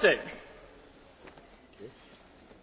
poslanci